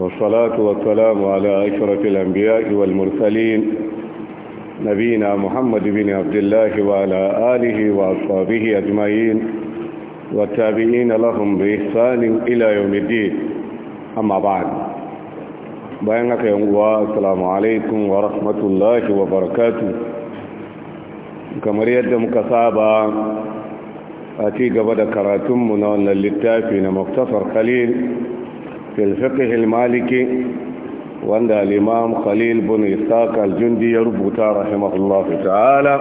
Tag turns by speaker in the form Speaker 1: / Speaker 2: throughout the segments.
Speaker 1: والصلاة والسلام على أشرف الأنبياء والمرسلين نبينا محمد بن عبد الله وعلى آله وأصحابه أجمعين والتابعين لهم بإحسان إلى يوم الدين أما بعد بينك يوم السلام عليكم ورحمة الله وبركاته kamar yadda muka saba a ci gaba da karatunmu na wannan littafi na muktasar khalil fil fiqh maliki wanda Limam Khalil bin Ishaq jundi ya rubuta rahimahullah ta'ala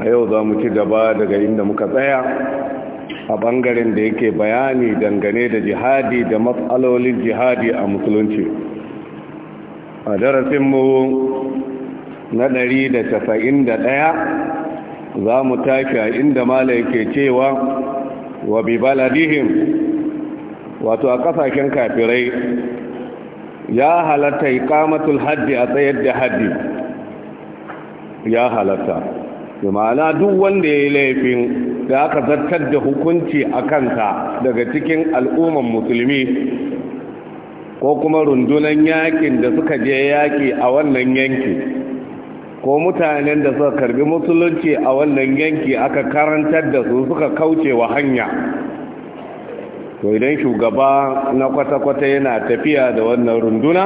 Speaker 1: a yau za mu ci gaba daga inda muka tsaya a bangaren da yake bayani dangane da jihadi da matsalolin jihadi a musulunci a darasinmu na ɗari da da ɗaya za mu tashi a inda mala yake cewa wa bi baladihim wato a kasashen kafirai ya halatta ikamatul haddi a tsayar da haddi ya halatta da ma'ana duk wanda ya yi laifin da aka zartar da hukunci a kanta daga cikin al'umman musulmi ko kuma rundunan yakin da suka je yaki a wannan yanki ko mutanen da suka karbi musulunci a wannan yanki aka karantar da su suka kauce wa hanya to idan shugaba na kwata-kwata yana tafiya da wannan runduna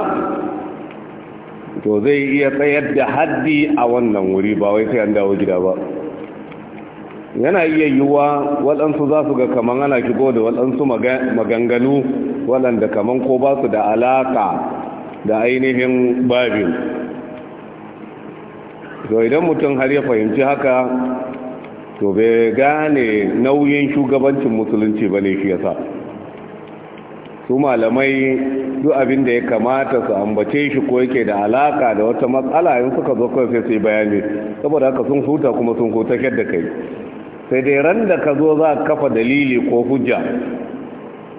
Speaker 1: to zai iya tsayar da haddi a wannan wuri ba wai sai an dawo gida ba yana iya yiwuwa waɗansu za su ga kaman ana shigo da waɗansu maganganu waɗanda kaman ko ba su da alaƙa da ainihin babin to idan mutum har ya fahimci haka to bai gane nauyin shugabancin musulunci ba ne shi sa. su malamai duk abin da ya kamata su ambace shi ko yake da alaka da wata matsala in suka zo kawai sai su yi bayani saboda haka sun huta kuma sun huta da kai sai dai ran da ka zo za ka kafa dalili ko hujja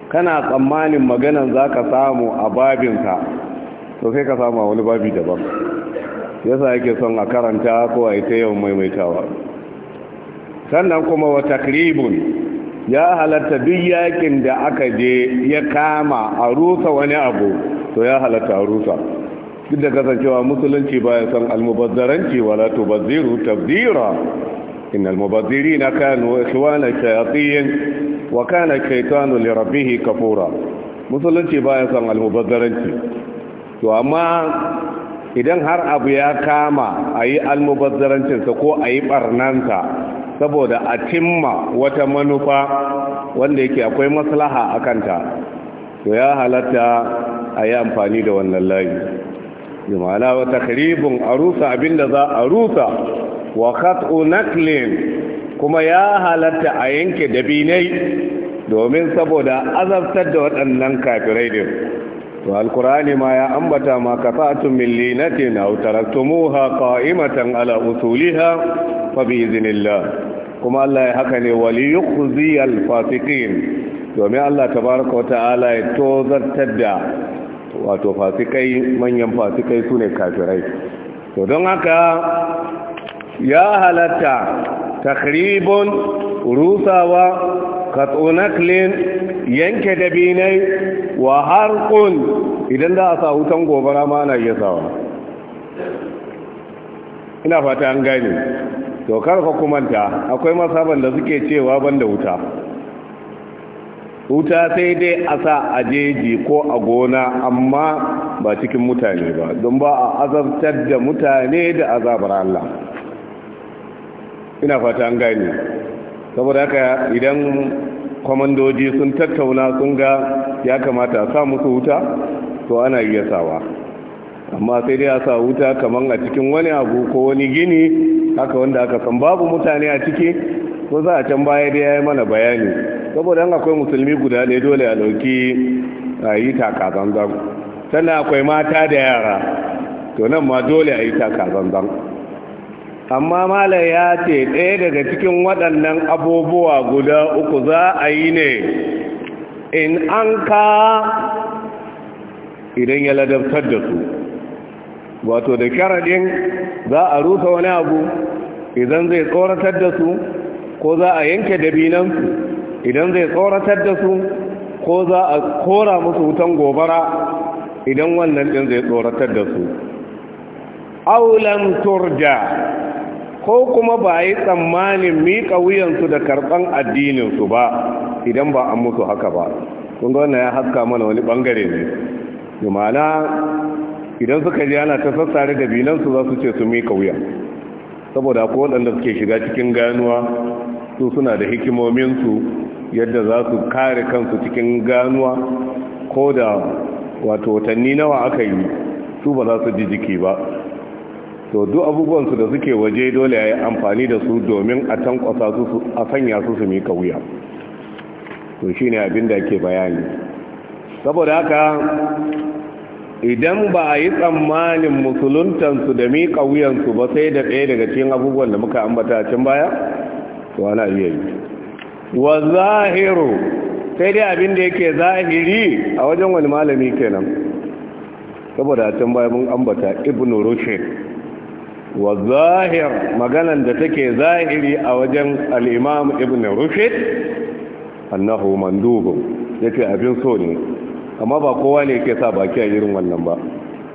Speaker 1: kana tsammanin maganan za ka samu a babinsa to sai ka samu a wani babi daban yasa yake son a karanta ko a ita yawan maimaitawa sannan kuma wa takribun ya halatta duk yakin da aka je ya kama a rusa wani abu to ya halatta a rusa duk da kasancewa musulunci baya son almubazzaranci wala to tubazziru tabzira إن المبذرين كانوا إخوان الشياطين وكان الشيطان لربه kafura musulunci baya son almubazzaranci to amma idan har abu ya kama a yi almubazzarancin sa ko a yi barnansa saboda a cimma wata manufa wanda yake akwai maslaha a kanta to ya halatta a yi amfani da wannan layi jimala wata karibin a rusa abinda za a rusa wa kat'u naklin kuma ya halatta a yanke dabinai domin saboda azabtar da waɗannan kafirai din to alkur'ani ma ya ambata ma kafatun min linatin aw taraktumuha qa'imatan ala usuliha fa bi iznillah kuma Allah ya haka ne wali yukhzi al fasiqin domin Allah tabaraka wa ta'ala ya tozartar da wato fasikai manyan fasikai sune kafirai to don haka ya halatta takribun rusawa katsunaklin yanke binai wa harkun idan za a sa wutan gobara ma ana iya sawa ina fata an gane to karfa kumanta akwai masaban da suke cewa banda wuta wuta sai dai a sa a jeji ko a gona amma ba cikin mutane ba don ba a azabtar da mutane da azabar Allah ina fata an gane saboda haka idan kwamandoji sun tattauna sun ga ya kamata a sa musu wuta to ana iya sawa amma sai dai a sa wuta kamar a cikin wani abu ko wani gini haka wanda aka san babu mutane a ciki ko za a can baya dai ya yi mana bayani saboda an akwai musulmi guda ɗaya dole a ɗauki a yi takazanzan sannan akwai mata da yara to nan ma dole a yi takazanzan amma malam ya ce ɗaya daga cikin waɗannan abubuwa guda uku za a yi ne in an ka idan ya ladabtar da su wato da karaɗin za a rusa wani abu idan zai tsoratar da su ko za a yanke dabinansu idan zai tsoratar da su ko za a kora musu wutan gobara idan wannan ɗin zai tsoratar da su aulam turja ko kuma ba yi tsammanin miƙa wuyansu da karɓan addininsu ba idan ba an mutu haka ba kun ga wannan ya haska mana wani ɓangare ne jumana idan suka ji ana ta sassare da binansu za su ce su miƙa wuya saboda ko waɗanda suke shiga cikin ganuwa su suna da hikimominsu yadda za su kare kansu cikin ganuwa ko da wato watanni nawa aka yi su ba za su ji jiki ba to duk abubuwansu da suke waje dole ya yi amfani da su domin a tankwasa su a sanya su su mika wuya to shi ne abin da ke bayani saboda haka idan ba a yi tsammanin musuluntansu da mika wuyansu ba sai da ɗaya daga cikin abubuwan da muka ambata a can baya to ana iya yi wa zahiru sai dai abin da yake zahiri a wajen wani malami kenan saboda a can baya mun ambata ibnu rushd wa zahir maganan da take zahiri a wajen al'imam ibn rufid annahu mandubun ya ce abin so ne amma ba kowa ne ke sa baki a irin wannan ba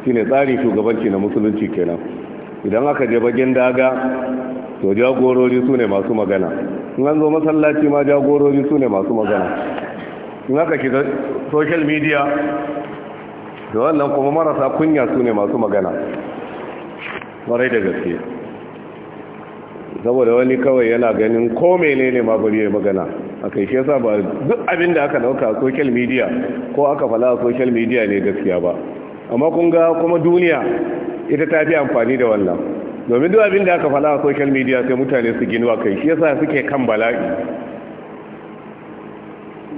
Speaker 1: shine tsari shugabanci na musulunci kenan idan aka je bagin daga to jagorori su ne masu magana in an zo masallaci ma jagorori su ne masu magana in aka shiga social media da wannan kuma marasa kunya su ne masu magana Kwarai da gaske saboda wani kawai yana ganin ko mene ne magwari ya magana a kai shi yasa ba duk abin da aka dauka a social media ko aka fala a social media ne gaskiya ba amma kun ga kuma duniya ita ta fi amfani da wannan domin duk abin da aka fala a social media sai mutane su ginu a kai shi yasa suke kan bala'i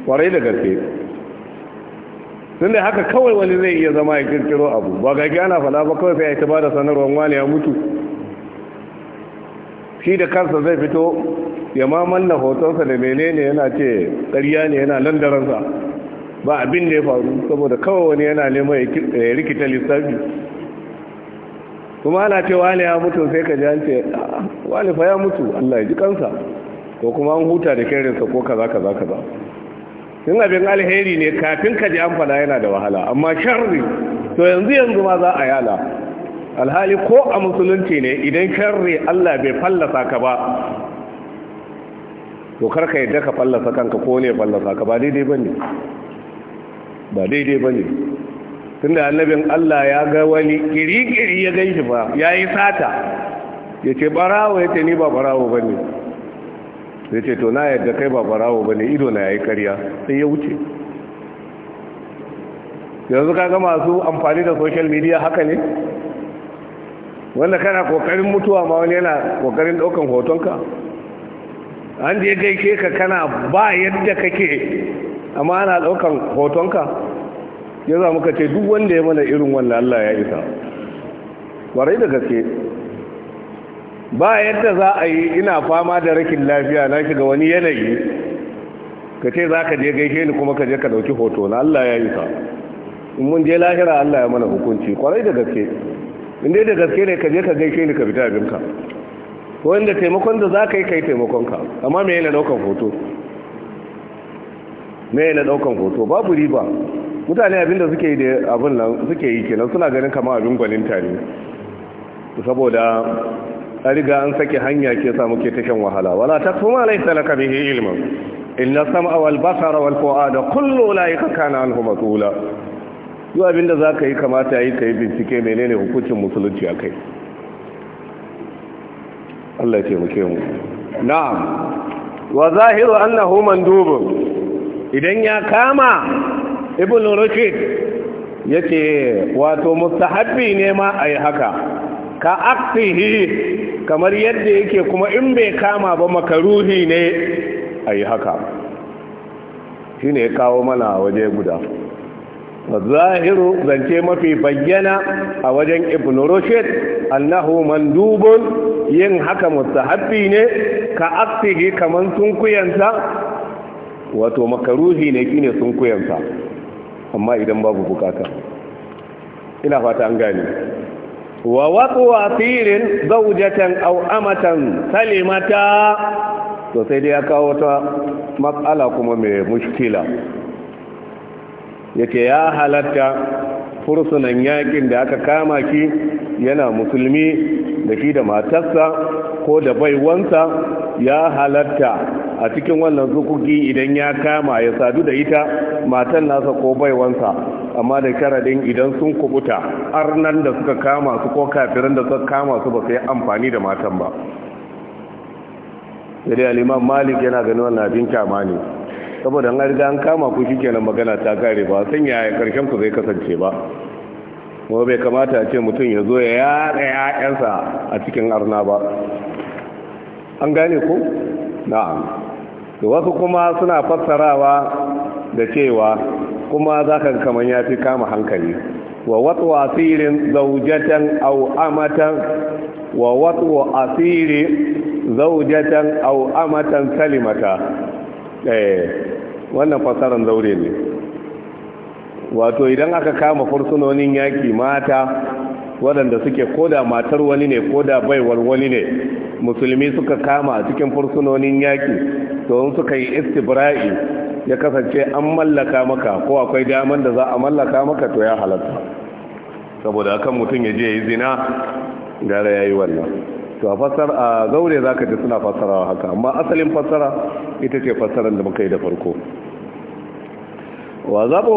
Speaker 1: kwarai da gaske tun da haka kawai wani zai iya zama ya kirkiro abu ba gaki ana fada ba kawai sai ya ta ba sanarwar wani ya mutu shi da kansa zai fito ya ma na hotonsa da menene yana ce ƙarya ne yana nan ba abin da ya faru saboda kawai wani yana nema ya rikita lissafi kuma ana ce wani ya mutu sai ka ji an ce ah, wani fa ya mutu Allah ya ji kansa ko kuma an huta da kerinsa ko kaza kaza kaza in abin alheri ne kafin ka ji an fada yana da wahala amma sharri to yanzu yanzu ma za a yala alhali ko a musulunci ne idan sharri Allah bai fallasa ka ba to karka yadda ka fallasa kanka ko ne fallasa ka ba daidai bane ba daidai bane tunda annabin Allah ya ga wani kiri-kiri ya ganshi ba yayi sata yace barawo yace ni ba barawo bane ya ce to na yadda kai ba barawo ba ne ido na yayi yi karya sai ya wuce yanzu kaga masu amfani da social media haka ne wanda kana kokarin mutuwa ma wani yana kokarin daukan hotonka an je gaike ka kana ba yadda kake amma ana daukan hotonka ya za muka ce duk wanda ya mana irin wannan Allah ya isa warai da gaske ba yadda za a yi ina fama da rakin lafiya na shiga wani yanayi ka ce za ka je gaishe ni kuma ka je ka ɗauki hoto na Allah ya yi sa in mun je lahira Allah ya mana hukunci kwarai da gaske in dai da gaske ne ka je ka gaishe ni ka fita abinka wanda taimakon da za ka yi ka yi ka amma me yana ɗaukan hoto me yana ɗaukan hoto babu riba mutane abin da suke yi da abin nan suke yi kenan suna ganin kama abin gwaninta ne saboda a riga an saki hanya ke sa muke ta shan wahala wala taqfu ma laysa laka bihi ilmun inna sam'a wal basara wal fu'ada kullu laika kana anhu mas'ula duk abinda zaka yi kamata yi kai bincike menene hukuncin musulunci akai Allah ya taimake mu na'am wa zahiru annahu mandubun idan ya kama ibn rushd yace wato mustahabbi ne ma ai haka ka aksihi kamar yadda yake kuma in bai kama ba makaruhi ne a yi haka shi ne kawo mana waje guda zahiru zance mafi bayyana a wajen ibn roshid annahu mandubun yin haka mustahabbi ne ka aksihi kaman sunkuyansa wato makaruhi ne ne sunkuyansa amma idan babu bukata ina fata an gani. wa a firin zaujatan au amatan salimata to sai dai ya kawo ta matsala kuma mai mushkila yake ya halatta fursunan yakin da aka kama ki yana musulmi da shi da matarsa ko da baiwansa ya halatta a cikin wannan zukuki idan ya kama ya sadu da ita matan nasa ko baiwansa amma da karadin idan sun kubuta arnan da suka kama su ko kafirin da suka kama su ba su yi amfani da matan ba sai dai aliman malik yana gani wannan abin kama ne saboda an riga an kama ku shikenan magana ta kare ba san yaya karshen ku zai kasance ba kuma bai kamata a ce mutum ya zo ya yaɗa ya'yansa a cikin arna ba an gane ku? na'am to wasu kuma suna fassarawa da cewa kuma za ka kaman ya fi kama hankali wa wasu asirin zaujatan au amatan wa wasu asiri zaujatan au amatan salimata eh wannan fassarar zaure ne wato idan aka kama fursunonin yaki mata waɗanda suke koda matar wani ne koda baiwar wani ne musulmi suka kama cikin fursunonin yaƙi, to suka yi istibra'i ya kasance an mallaka maka ko akwai damar da za a mallaka maka to ya halatta saboda akan mutum ya je yi zina gara ya yi wannan to a fasar a zaure za ka ji suna fasarawa haka amma asalin fasara ita ce fasarar da muka yi da farko wa zaɓo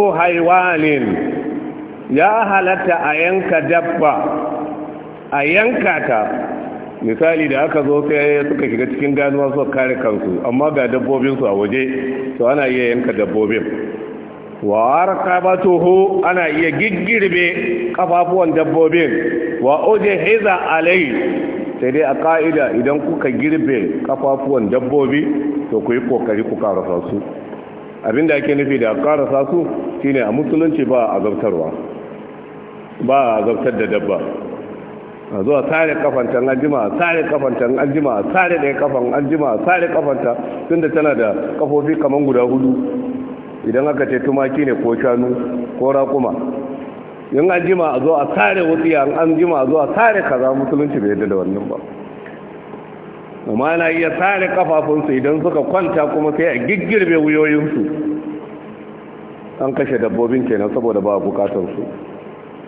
Speaker 1: ya halatta a yanka dabba a yanka ta misali da aka zo sai suka shiga cikin ganuwa su kare kansu amma ga dabbobinsu a waje to ana iya yanka dabbobin wa arka ba toho ana iya giggirbe kafafuwan dabbobin wa oje heza alai sai dai a ka'ida idan kuka girbe kafafuwan dabbobi to ku yi kokari ku karasa su abinda ake nufi da karasa su shine a musulunci ba a zartarwa ba a zartar da dabba a zuwa sare kafanta aljima jima kafancan kafanta an da sare kafan aljima jima kafanta kafanta tunda tana da kafofi kaman guda hudu idan aka ce tumaki ne ko shanu ko raƙuma yin aljima a zo a sare wutsiya an jima a zo a sare kaza musulunci bai yadda da wannan ba amma na iya sare kafafunsu idan suka kwanta kuma sai a giggirbe wuyoyinsu an kashe dabbobin kenan saboda ba bukatarsu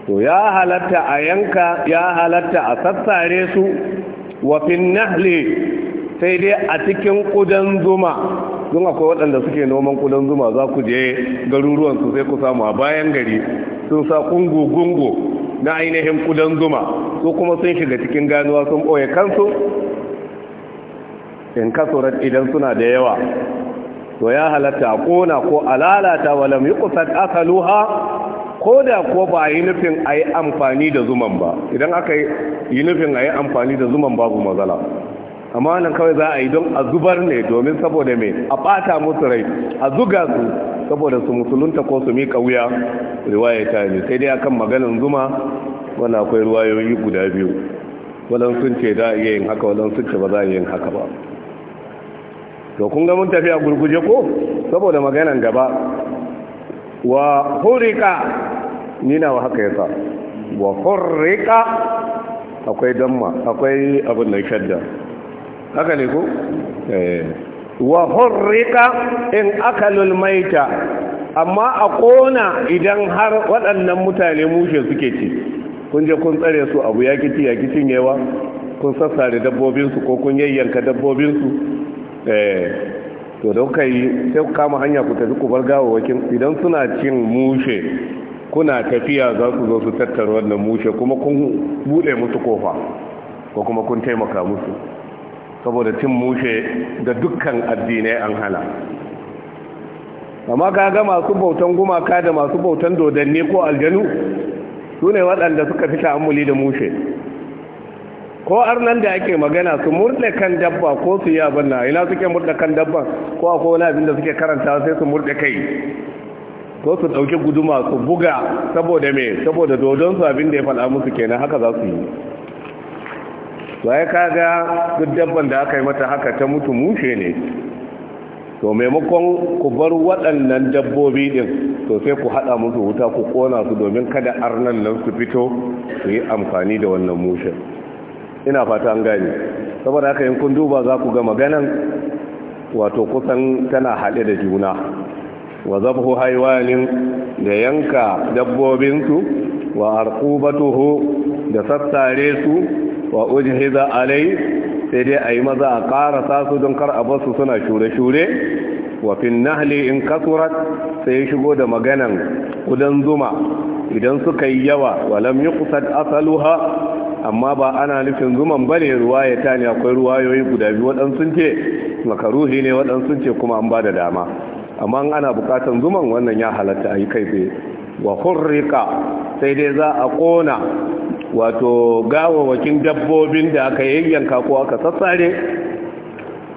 Speaker 1: to ya halatta a yanka ya halatta a sassare su wafin nahli sai dai a cikin kudan zuma don akwai waɗanda suke noman kudan zuma za ku je garuruwan su sai ku samu a bayan gari sun sa kungu-gungu na ainihin kudan zuma su kuma sun shiga cikin ganuwa sun ɓoye kansu in kasurat idan suna da yawa to ya halatta a ƙona ko a lalata walam yi kusa asaluha ko da ko ba a yi nufin a yi amfani da zuman ba idan aka yi nufin a yi amfani da zuman babu mazala amma nan kawai za a yi don a zubar ne domin saboda mai a ɓata musu rai a zuga su saboda su musulunta ko su miƙa wuya riwaya ta ne sai dai akan maganin zuma wani akwai ruwayoyi guda biyu wadan sun ce za a iya yin haka wadan sun ce ba za a iya yin haka ba to kun ga mun tafiya gurguje ko saboda maganan gaba wa hurika nina wa haka yasa wa hurika akwai damma akwai abin da shadda haka ne ko eh. wa in akalul maita amma a kona idan har waɗannan mutane mushe suke ci kun je kun tsare su abu ya kici ya kicin yawa kun sassare dabbobinsu ko kun yayyanka dabbobinsu eh to don yi sai ku kama hanya ku tafi ku bar gawawakin idan suna cin mushe kuna tafiya za su zo su tattara wannan mushe kuma kun bude musu kofa ko kuma kun taimaka musu saboda cin mushe da dukkan addinai an hana amma ka ga masu bautan gumaka da masu bautan dodanni ko aljanu su ne waɗanda suka fi ta'ammuli da mushe ko arnan da ake magana su murɗe kan dabba ko su yi abin na ina suke murɗe kan dabba ko a kowane abin da suke karanta sai su murɗe kai ko su ɗauki guduma su buga saboda me saboda dodon su abin da ya faɗa musu kenan haka za su yi waye kaga duk dabban da aka yi mata haka ta mutu mushe ne to maimakon ku bar waɗannan dabbobi ɗin to sai ku haɗa musu wuta ku ƙona su domin kada arnan nan su fito su yi amfani da wannan mushen ina fata an gani saboda haka yin kun duba za ku ga maganan wato kusan tana haɗe da juna wa zabhu haiwanin da yanka dabbobinsu wa arqubatuhu da sassare su wa a alai sai dai a yi maza a ƙarasa su don kar a basu suna shure-shure wa fin nahli in kasurat sai ya shigo da maganan kudan zuma idan suka yi yawa walam kusa asaluha amma ba ana nufin zuman bane ruwa ya tani akwai ruwayoyi guda biyu waɗansu ce makaruhi ne waɗansu ce kuma an ba da dama amma ana bukatan zuman wannan ya halatta a yi kai tsaye wa hurrika sai dai za a kona wato gawawakin dabbobin da aka yanka ko aka sassare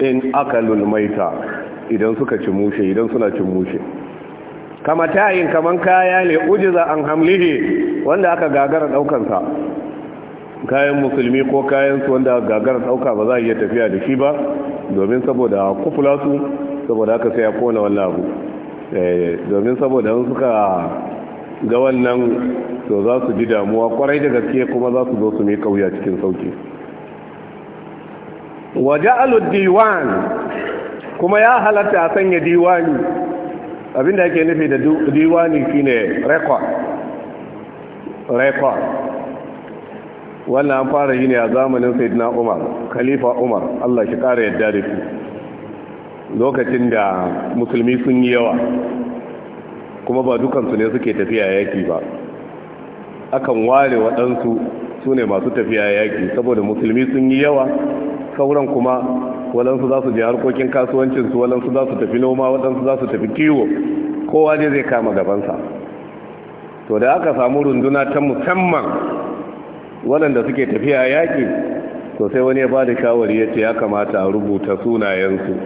Speaker 1: in aka lulmaita idan suka ci mushe idan suna cin mushe kama tayin kaman kaya ne ujiza an hamlihi wanda aka gagara ɗaukansa. kayan musulmi ko kayan su wanda gagara dauka ba za a iya tafiya da shi ba domin saboda kufula su saboda haka sai ya kona wannan abu eh, domin saboda in suka ga wannan to za su ji damuwa kwarai da gaske kuma za su zo su mai kauya cikin sauki waje diwan kuma ya halatta a sanya diwani abinda ake nufi da diwani shine rekod rekod wannan an fara yi ne a zamanin sayyidina umar khalifa umar allah shi kara yadda da su lokacin da musulmi sun yi yawa kuma ba dukansu ne suke tafiya yaki ba akan ware waɗansu su ne masu tafiya yaki saboda musulmi sun yi yawa sauran kuma waɗansu za su je harkokin kasuwancinsu waɗansu za su tafi noma waɗansu za su tafi kiwo kowa ne zai kama gabansa to da aka samu runduna ta musamman waɗanda suke tafiya yaƙi to sai wani ya ba da shawari ya ce ya kamata a rubuta sunayensu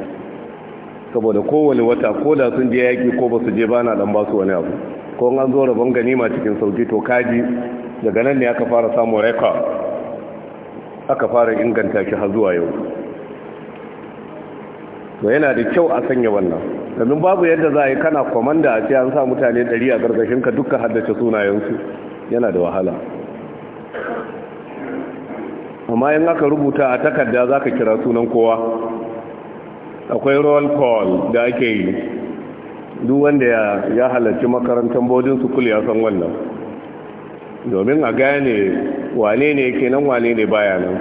Speaker 1: saboda kowane wata ko da sun je yaƙi ko ba su je ba na ɗan ba su wani abu ko an zo rabon ma cikin sauki to kaji daga nan ne aka fara samun reka aka fara inganta shi har zuwa yau to yana da kyau a sanya wannan domin babu yadda za a yi kana kwamanda a ce an sa mutane ɗari a gargashinka dukkan haddace sunayensu yana da wahala amma yin aka rubuta a takarda za ka kira sunan kowa akwai roll call da ake yi duk wanda ya halarci makarantar bodin sukul ya san wannan domin a gane wane ne ke nan wane ne bayanan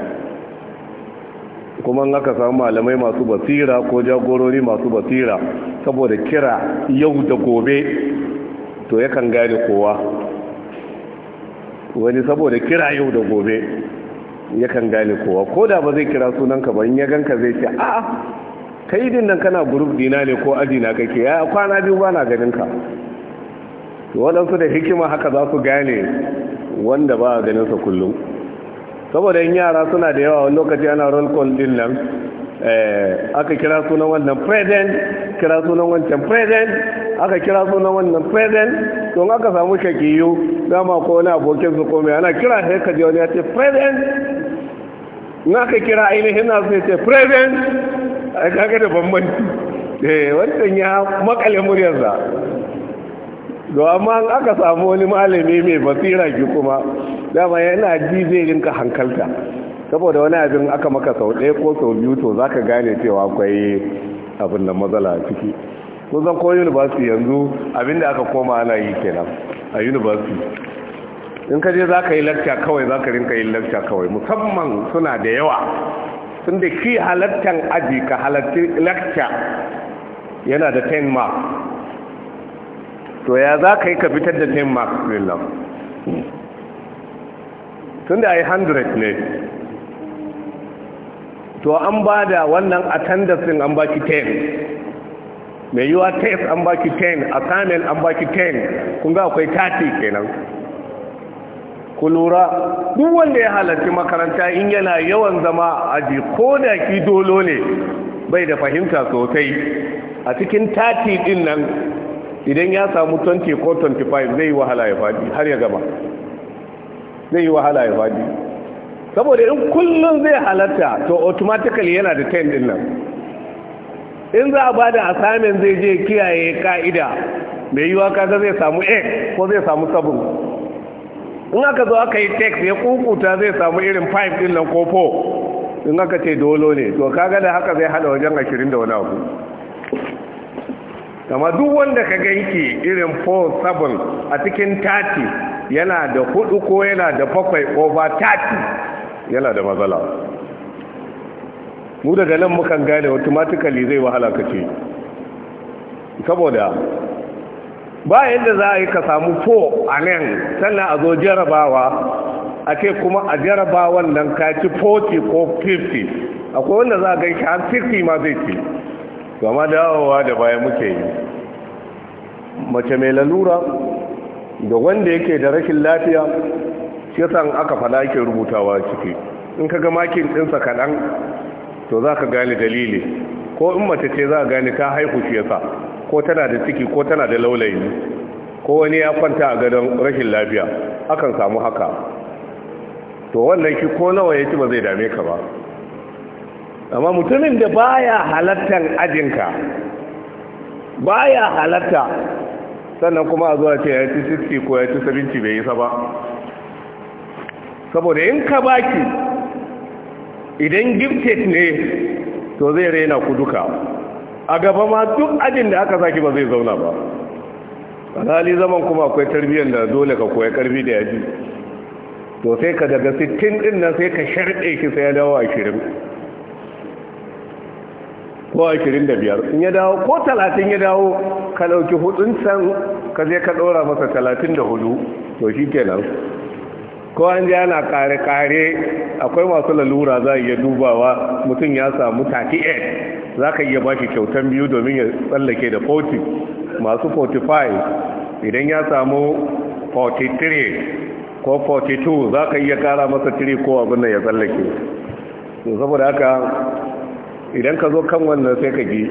Speaker 1: kuma aka samu malamai masu basira ko jagorori masu basira saboda kira yau da gobe to yakan gane kowa wani saboda kira yau da gobe yakan gane kowa ko da ba zai kira sunanka ba in ya ganka zai ce a ka yi dinnan kana guruf dina ne ko ajina kake ya kwana biyu ba na ganin waɗansu da hikima haka za su gane wanda ba a ganin kullum saboda in yara suna da yawa wani lokaci ana roll call din nan eh, aka kira sunan wannan president kira sunan wancan president aka kira sunan wannan president to in aka samu shakiyu dama ko wani abokin su komai ana kira sai ka je wani ya ce president in aka kira ainihin na sai ce president a kaga da bambanci eh wannan ya makale muryarsa to amma in aka samu wani malami mai basira ki kuma dama yana ji zai rinka hankalta saboda wani abin aka maka sau ɗaya ko sau biyu to za ka gane cewa akwai abin da matsala a ciki Ko zan koyi university yanzu abinda aka koma ana yi kenan a university in ka je za ka yi lakta kawai za ka rinka yin lakta kawai musamman suna da yawa sun da ki halattan aji ka halatti lakta yana da 10 mark to ya za ka yi ka fitar da 10 mark lillam tun da a yi 100 ne to an ba da wannan attendance an ba ki 10 mai yiwa test an baki 10 a panel an baki 10 kun ga akwai tati kenan ku lura duk wanda ya halarci makaranta in yana yawan zama aji ko da ki dolo ne bai da fahimta sosai a cikin tati din nan idan ya samu 20 ko 25 zai yi wahala ya faɗi har ya gama zai yi wahala ya faɗi saboda in kullum zai halarta to automatically yana da 10 din nan in za a ba da asamin zai je kiyaye ka'ida mai yiwa kaga zai samu a ko zai samu sabon in aka zo aka yi text ya kukuta zai samu irin 5 din nan ko 4 in aka ce dolo ne to kaga da haka zai hada wajen 20 da wani abu kama duk wanda ka ganki irin 4 sabon a cikin 30 yana da 4 ko yana da 7 over 30 yana da matsala mu daga nan mukan gane automatically zai wahala ka ce saboda ba yadda za a yi ka samu fo a nan sannan a zo jarabawa a ce kuma a jarabawan nan ka ci 40 ko 50 akwai wanda za a gan shi har 50 ma zai ci gama dawowa da baya muke yi mace mai lalura da wanda yake da rashin lafiya shi san aka fada yake rubutawa ciki in ka ga makin ɗinsa kaɗan to za ka gane dalili ko in mace ce za a gane ta haihu shi yasa ko tana da ciki ko tana da laulayi ko wani ya kwanta a gadon rashin lafiya akan samu haka to wannan shi ko nawa ya ci ba zai dame ka ba amma mutumin da baya halattan ajinka baya halatta sannan kuma a zuwa ce ya ci sisti ko ya ci Sabinci bai yi sa ba saboda in ka baki idan gifted ne to zai rena ku duka a gaba ma duk ajin da aka saki ba zai zauna ba alhali zaman kuma akwai tarbiyyar da dole ka koya karfi da yaji to sai ka daga 60 din nan sai ka sharɗe ki sai ya dawo 20 ko 25 in ya dawo ko 30 ya dawo ka ɗauki hudun can ka je ka ɗora masa 34 to shi kenan ko an ji ana kare-kare akwai masu lalura za a iya dubawa mutum ya samu 38 za ka iya ba shi kyautan biyu domin ya tsallake da 40 masu 45 idan ya samu 43 ko 42 za ka iya kara masa 3 ko abin da ya tsallake saboda haka idan ka zo kan wannan sai ka gi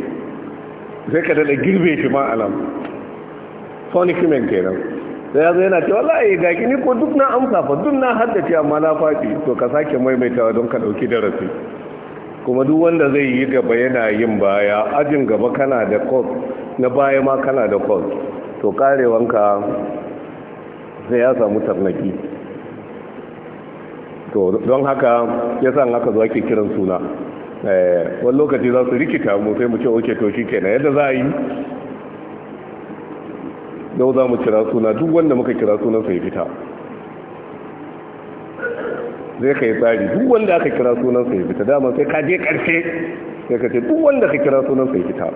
Speaker 1: sai ka daɗa girbe shi ma'alam sonic men kenan sai ya zo yana cewa yi ga ni ko duk na amsa fa duk na haddace amma na faɗi to ka sake maimaitawa don ka ɗauki darasi kuma duk wanda zai yi gaba yana yin baya ajin gaba kana da kos na baya ma kana da kos to karewanka sai ya samu tarnaki to don haka ya san haka zuwa ke kiran suna eh, wani lokaci za su rikita mu sai mu ce oke to shi kenan yadda za a yi yau za mu kira suna duk wanda muka kira sunan sai fita zai ka yi tsari duk wanda aka kira sunan sai fita dama sai ka je karshe sai ka ce duk wanda ka kira sunan sai fita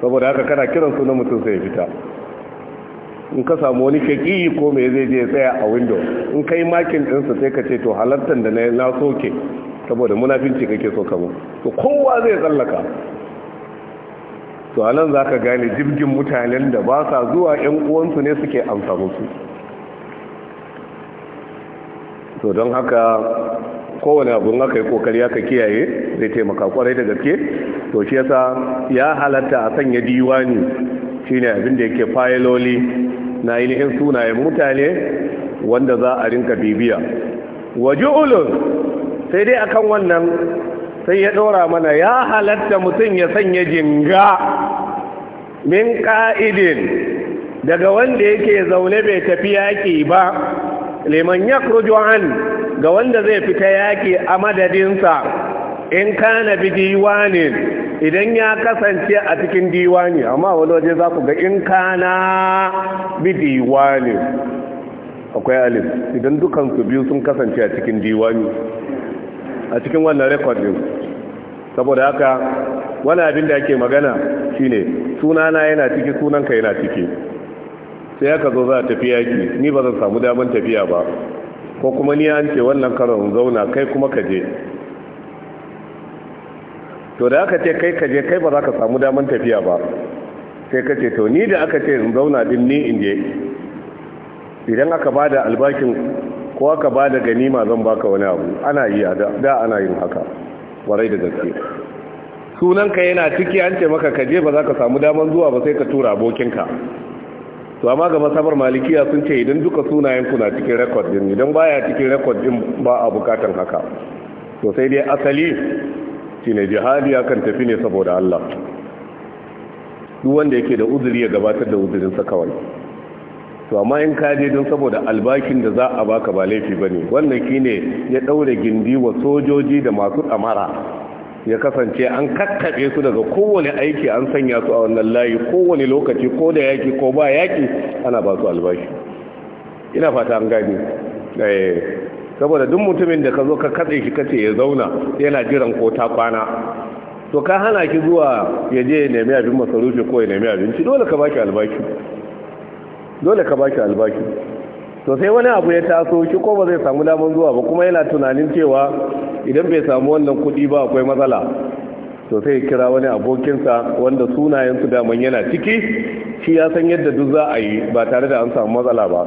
Speaker 1: saboda haka kana kiran sunan mutum sai fita in ka samu wani keƙi ko mai zai je tsaya a window in kai makin ɗinsa sai ka ce to halartar da na soke saboda munafinci kake so kamo to kowa zai tsallaka to a nan za ka gane jirgin mutanen da ba sa zuwa 'yan uwansu ne suke amsa musu to don haka kowane abin aka yi kokari aka kiyaye zai taimaka kwarai da gaske to shi yasa ya halatta a sanya diwani shine abin da yake fayiloli na ainihin sunayen mutane wanda za a rinka bibiya Waje ulun sai dai akan wannan sai ya ɗora mana ya halatta mutum ya sanya jinga min ƙa'idin daga wanda yake zaune bai tafi yaƙi ba liman ya an ga wanda zai fita yaki a madadinsa in kana bi diwanin idan ya kasance a cikin diwani amma wani waje za ku ga in kana bi diwanin akwai alif idan dukansu biyu sun kasance a cikin diwani a cikin wannan rekodin saboda haka wani abin da yake magana shine sunana yana ciki sunanka yana ciki sai aka zo za a tafi yaki ni ba zan samu daman tafiya ba ko kuma ni an ce wannan karon zauna kai kuma ka je to da aka ce kai ka je kai ba za ka samu daman tafiya ba sai ka ce to ni da aka ce in zauna din ni in je idan aka ba da albakin ko aka ba da ganima zan baka wani abu ana yi da ana yin haka warai da gaske sunanka yana ciki an ce maka kaje ba za ka samu daman zuwa ba sai ka tura abokinka to amma ga masabar malikiya sun ce idan duka sunayenku na cikin rekod din idan baya cikin rekod din ba a bukatan haka to sai dai asali shine jihadi akan tafi ne saboda Allah duk wanda yake da uzuri ya gabatar da uzurin sa kawai to amma in ka je don saboda albakin da za a baka ba laifi bane wannan shine ya daure gindi wa sojoji da masu amara ya kasance an kakkaɓe su daga kowane aiki an sanya su a wannan layi kowane lokaci ko da yaki ko ba yaki ana ba su albashi ina fata an gani eh, saboda duk mutumin da ka zo ka katse shi kace ya zauna yana jiran ko ta kwana to ka hana ki zuwa ya je ya nemi abin masarufi ko ya nemi abinci dole ka albashi dole ka baki albashi to sai wani abu ya taso shi ko ba zai samu daman zuwa ba kuma yana tunanin cewa idan bai samu wannan kudi ba akwai matsala to sai kira wani abokinsa wanda sunayensu daman yana ciki shi ya san yadda duk za a yi ba tare da an samu matsala ba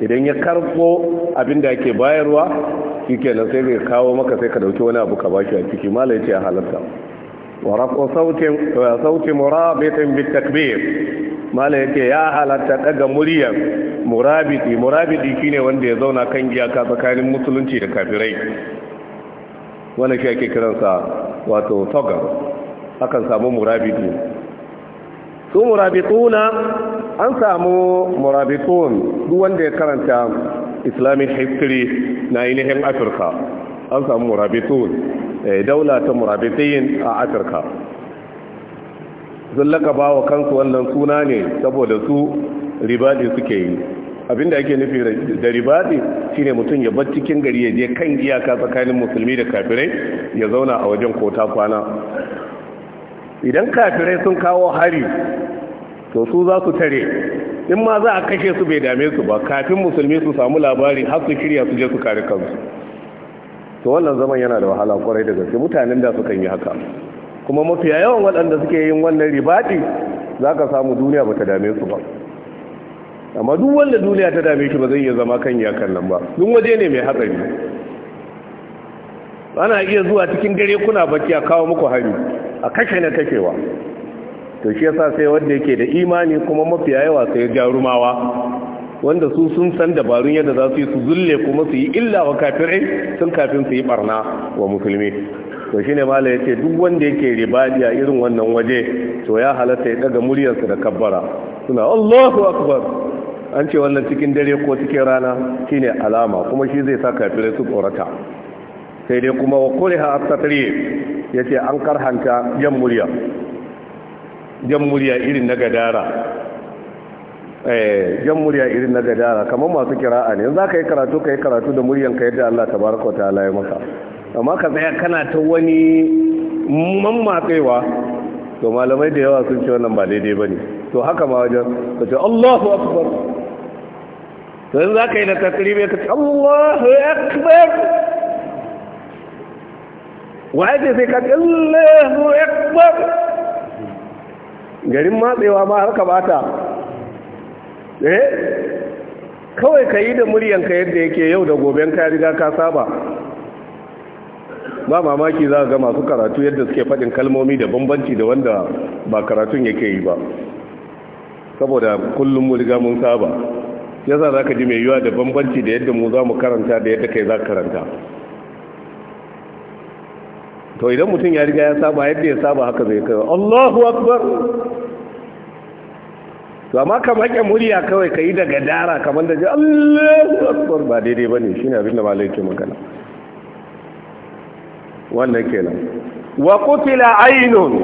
Speaker 1: idan ya karɓo abin da ake bayarwa shi kenan sai zai kawo maka sai ka dauki wani abu ka shi a ciki mala ya ce a halatta wa sautin murabitin bitakbir Malam yake ya halatta daga muryar murabidi murabidi shine wanda ya zauna kan iyaka tsakanin musulunci da kafirai wannan shi ake kiransa wato togar akan samu murabidi su murabituna an samu murabitun duk wanda ya karanta islamic history na ainihin afirka an samu murabitun eh, daula ta murabitayin a afirka sun ba wa kansu wannan suna ne saboda su ribadi suke yi abinda ake nufi da ribadi ne mutum ya bar cikin gari ya je kan iyaka tsakanin musulmi da kafirai ya zauna a wajen kota kwana idan kafirai sun kawo hari to su za su tare in ma za a kashe su bai dame su ba kafin musulmi su samu labari har su shirya su je su kare kansu to wannan zaman yana da wahala kwarai da gaske mutanen da sukan yi haka kuma mafiya yawan waɗanda suke yin wannan ribaɗi za ka samu duniya ba ta dame su ba amma duk wanda duniya ta dame shi ba zai iya zama kan iyakan nan ba duk waje ne mai hatsari ana iya zuwa cikin dare kuna bacci a kawo muku hari a kashe na kashewa to shi yasa sai wanda yake da imani kuma mafiya yawa sai jarumawa wanda su sun san dabarun yadda za su yi su zulle kuma su yi illa wa kafirai sun kafin su yi barna wa musulmi to shine mala yace duk wanda yake ribadiya irin wannan waje to ya halatta ya daga muryarsa da kabbara suna Allahu akbar an ce wannan cikin dare ko cikin rana shine alama kuma shi zai sa kafirai su tsorata sai dai kuma wa kuriha at ya yace an karhanta jan murya jan murya irin na gadara eh, jan murya irin na gadara kamar masu kira'a ne za ka yi karatu ka yi karatu da muryanka yadda Allah tabaraka ta'ala ya maka amma ka tsaya kana ta wani mammatsewa to malamai da yawa sun ce wannan ba daidai ba ne to haka ma wajen ka ce allahu akbar to yanzu za ka yi na tasiribe ka ce allahu akbar waye ce sai ka ce allahu akbar garin matsewa ma har ka bata eh kawai ka yi da muryanka yadda yake yau da goben ka riga ka saba ba mamaki za ga masu karatu yadda suke faɗin kalmomi da bambanci da wanda ba karatun yake yi ba saboda kullum mu riga mun saba yasa za ka ji mai yiwa da bambanci da yadda mu za mu karanta da yadda kai za ka karanta to idan mutum ya riga ya saba yadda ya saba haka zai kai Allahu akbar to amma ka make murya kawai kai daga dara kamar da ji Allahu akbar ba daidai bane shine abin da malai ke magana wannan kenan wa qutila aynun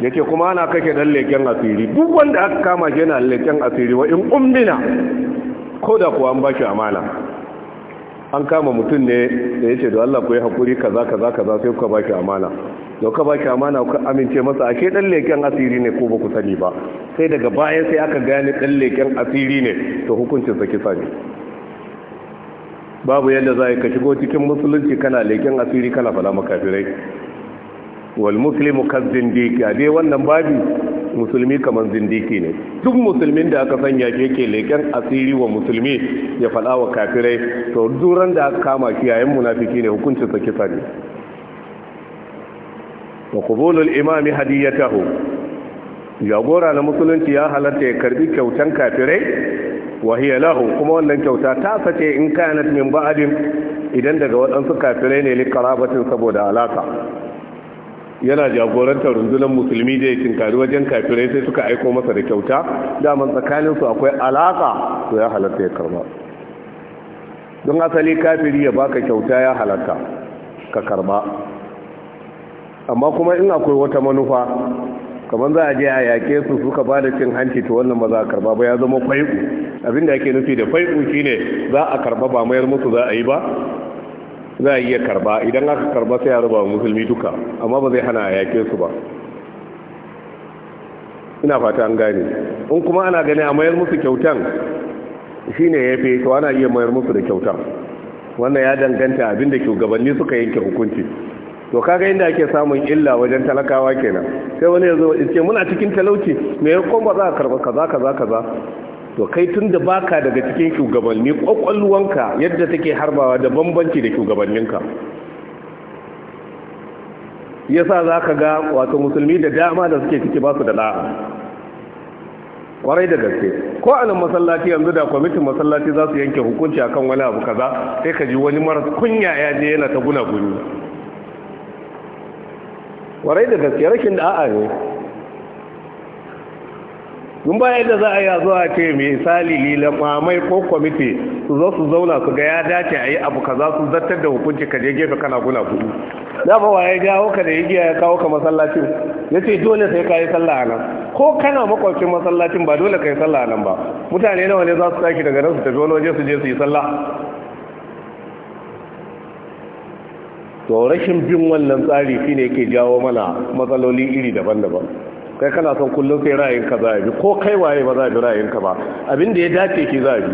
Speaker 1: yake kuma ana kake dan leken asiri duk wanda aka kama shi yana leken asiri wa in ummina ko da kuwa an bashi amana an kama mutum ne da yace da Allah ku yi hakuri kaza kaza kaza sai ku bashi amana da ka bashi amana ku amince masa ashe dan leken asiri ne ko ba ku sani ba sai daga baya sai aka gane dan leken asiri ne to hukuncin sa kisa ne babu yadda za ka shigo cikin musulunci kana leken asiri kana fada makafirai wal muslimu kan zindiki a dai wannan babi musulmi kamar zindiki ne duk musulmin da aka sanya ke yake leken asiri wa musulmi ya fada wa kafirai to duran da aka kama shi yayin munafiki ne hukuncin sa kisa ne wa qabulul imami hadiyatahu jagora na musulunci ya halarta ya karbi kyautan kafirai wa lahu kuma wannan kyauta ta sace in kanat min ba'adin idan daga waɗansu kafirai ne li karabatin saboda alaka yana jagorantar rundunar musulmi da ya tinkari wajen kafirai sai suka aiko masa da kyauta daman tsakanin su akwai alaka to ya halatta ya karba don asali kafiri ya baka kyauta ya halatta ka karba amma kuma in akwai wata manufa kamar za a je a yaƙe su suka ba da cin hanci ta wannan ba za a karba ba ya zama fai'u abinda ake nufi da fai'u shine za a karba ba mayar musu za a yi ba za a iya karba idan aka karba sai a raba musulmi duka amma ba zai hana a yaƙe su ba ina fata an gane in kuma ana gani a mayar musu kyautan shine ya fi to ana iya mayar musu da kyautan wannan ya danganta abinda shugabanni suka yanke hukunci to kaga inda ake samun illa wajen talakawa kenan sai wani ya zo ce muna cikin talauci me ya kuma za ka karba kaza kaza kaza to kai tun da baka daga cikin shugabanni kwakwalwanka yadda take harbawa da bambanci da shugabanninka yasa za ka ga wato musulmi da dama da suke ciki ba su da la'a? kwarai da gaske ko a nan masallaci yanzu da kwamitin masallaci za su yanke hukunci akan wani abu kaza sai ka ji wani mara kunya ya je yana ta guna guni warai da gaske rashin A'a ne mun ba yadda za a yi zuwa ce misali mamai ko kwamiti su zo su zauna su ga ya dace a yi abu ka za su zartar da hukunci ka je gefe kana guna kudu na ba waye jawo ka da ya giya ya kawo ka masallacin ya ce dole sai ka yi sallah nan ko kana makwabcin masallacin ba dole ka yi sallah nan ba mutane nawa ne za su tashi daga nan su tafi wani waje su je su yi sallah to rashin bin wannan tsari shine ke jawo mana matsaloli iri daban-daban kai kana son kullum sai ra'ayinka za a bi ko kai waye ba za a bi ra'ayinka ba abin da ya dace shi za a bi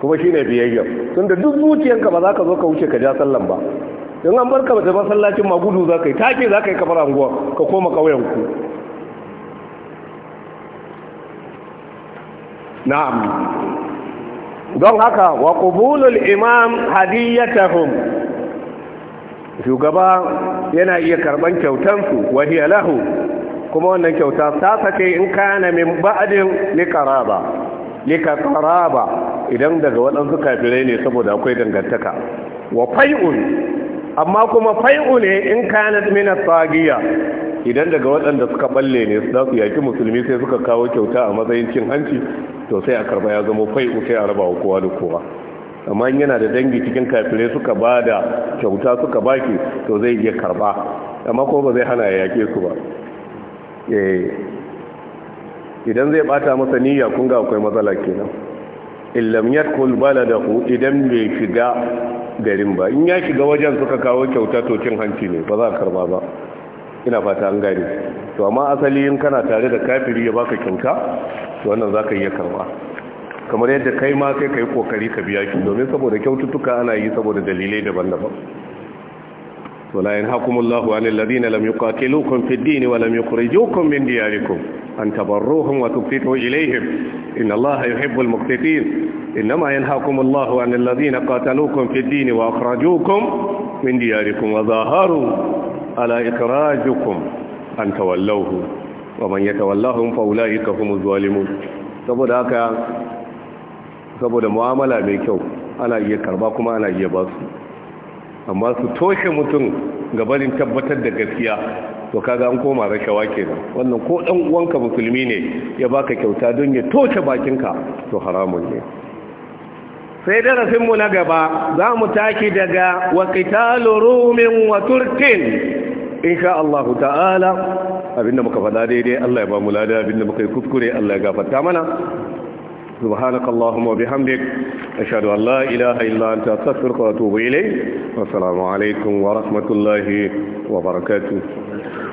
Speaker 1: kuma shi ne biyayya tun da duk zuciyanka ba za ka zo ka wuce ka ja sallan ba in an barka da masallacin magudu za ka yi take za ka yi kafar anguwa ka koma ƙauyenku na'am don haka wa qubulul imam hadiyatahum shugaba yana iya karban kyautansu wa lahu kuma wannan kyauta ta sace in kana min ba'adin likaraba idan daga waɗansu kafirai ne saboda akwai dangantaka wa fai'un amma kuma fai'u ne in kana min at idan daga waɗanda suka balle ne za su yaki musulmi sai suka kawo kyauta a matsayin cin hanci to sai a karba ya zama fai'u sai a raba wa kowa da kowa amma yana da dangi cikin kafirai suka ba da kyauta suka baki to zai iya karba amma ko ba zai hana ya yake su ba eh, idan zai bata masa niyya kun ga akwai matsala kenan illam yakul baladahu idan bai shiga garin ba in ya shiga wajen suka kawo kyauta to cin hanci ne ba za a karba ba ina fata an gane to amma asali in kana tare da kafiri ya baka kinka to wannan zaka iya karba kamar yadda kai ma kai kai kokari ka biya shi domin saboda kyaututtuka ana yi saboda dalilai daban-daban to la in hakumullahu anil ladina lam yuqatilukum fid din wa lam yukhrijukum min diyarikum an tabarruhum wa tuqsitu ilayhim inna allah yuhibbul muqsitin إنما ينهاكم الله عن الذين قاتلوكم في الدين وأخرجوكم من دياركم وظاهروا ala ikrajukum an tawallahu wa man yatawallahum fa ulaika humuz zalimun saboda haka saboda mu'amala mai kyau ana iya karba kuma ana iya ba su amma su toshe mutum barin tabbatar da gaskiya to kaga an koma rashawa kenan wannan ko dan uwanka musulmi ne ya baka kyauta don ya toshe bakinka to haramun ne sai darasinmu na gaba za mu taki daga wa qitalu rumin wa turkin insha Allah ta'ala abinda muka faɗa daidai Allah ya ba mu lada abinda muka yi kuskure Allah ya gafarta mana subhanaka allahumma wa bihamdik ashhadu an la ilaha illa anta astaghfiruka wa atubu ilayk wa assalamu alaikum wa rahmatullahi wa barakatuh